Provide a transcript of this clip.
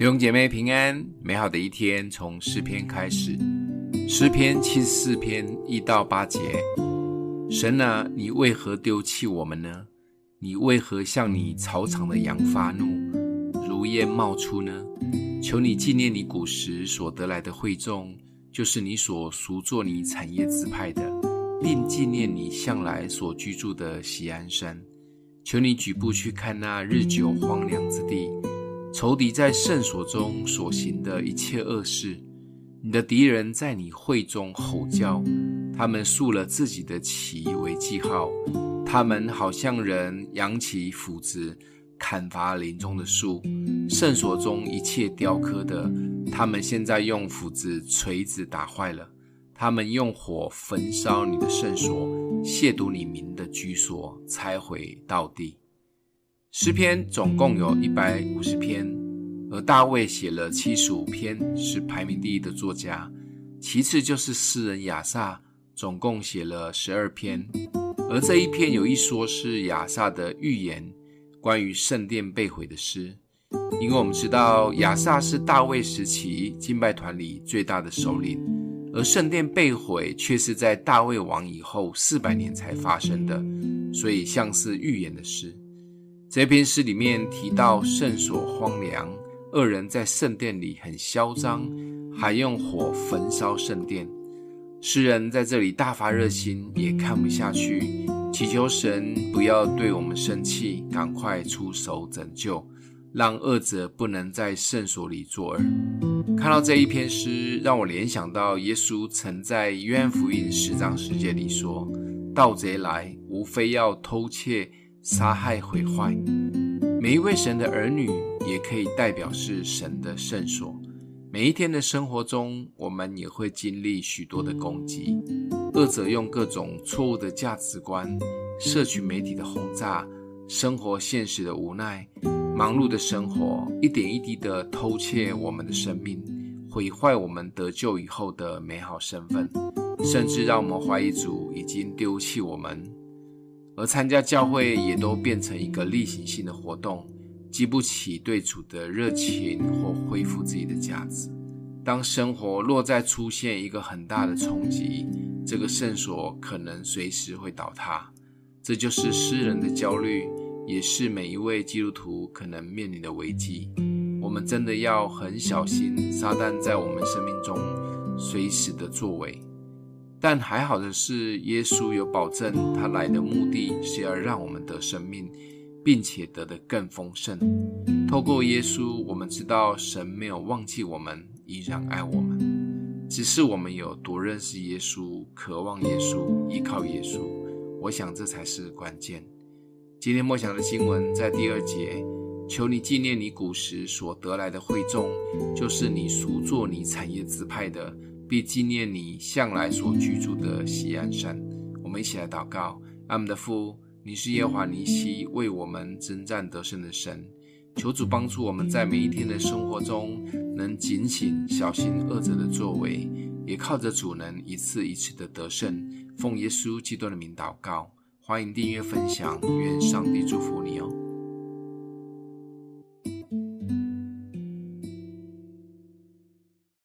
弟兄姐妹平安，美好的一天從詩篇開始。詩篇七十四篇一到八節：神啊，你為何丟棄我們呢？你為何向你草場的羊發怒，如煙冒出呢？求你紀念你古時所得來的會眾，就是你所贖作你產業支派的，並紀念你向來所居住的錫安山。求你舉步去看那日久荒涼之地。仇敵在聖所中所行的一切惡事，你的敵人在你會中吼叫，他們豎了自己的旗為記號，他們好像人揚起斧子，砍伐林中的樹。聖所中一切雕刻的，他們現在用斧子、錘子打壞了。他們用火焚燒你的聖所，褻瀆你名的居所，拆毀到地。詩篇總共有一百五十篇，而大衛寫了七十五篇，是排名第一的作家。其次就是詩人亞薩，總共寫了十二篇。而這一篇有一說是亞薩的預言，關於聖殿被毀的詩。因為我們知道亞薩是大衛時期敬拜團裡最大的首領，而聖殿被毀卻是在大衛王以後四百年才發生的，所以像是預言的詩。這篇詩裡面提到聖所荒涼，惡人在聖殿裡很囂張，還用火焚燒聖殿。詩人在這裡大發熱心，也看不下去，祈求神不要對我們生氣，趕快出手拯救，讓惡者不能在聖所裡作惡。看到這一篇詩，讓我聯想到耶穌曾在約翰福音十章十節裡說：“盜賊來，無非要偷竊。”殺害、毀壞，每一位神的兒女也可以代表是神的聖所。每一天的生活中，我們也會經歷許多的攻擊，惡者用各種錯誤的價值觀、社群媒體的轟炸、生活現實的無奈、忙碌的生活，一點一滴的偷竊我們的生命，毀壞我們得救以後的美好身份，甚至讓我們懷疑主已經丟棄我們。而參加教會也都變成一個例行性的活動，激不起對主的熱情或恢復自己的價值。當生活若再出現一個很大的衝擊，這個聖所可能隨時會倒塌。這就是詩人的焦慮，也是每一位基督徒可能面臨的危機。我們真的要很小心撒旦在我們生命中隨時的作為。但還好的是，耶穌有保證，他來的目的是要讓我們得生命，並且得的更豐盛。透過耶穌，我們知道神沒有忘記我們，依然愛我們。只是我們有多認識耶穌，渴望耶穌，依靠耶穌。我想這才是關鍵。今天默想的經文在第二節，求你紀念你古時所得來的會眾，就是你贖作你產業支派的。並記念你向來所居住的錫安山。我們一起來禱告：愛我們的父，你是耶和華尼西為我們爭戰得勝的神。求主幫助我們在每一天的生活中，能儆醒小心惡者的作為，也靠着主能一次一次的得勝。奉耶穌基督的名禱告。歡迎訂閱分享，願上帝祝福。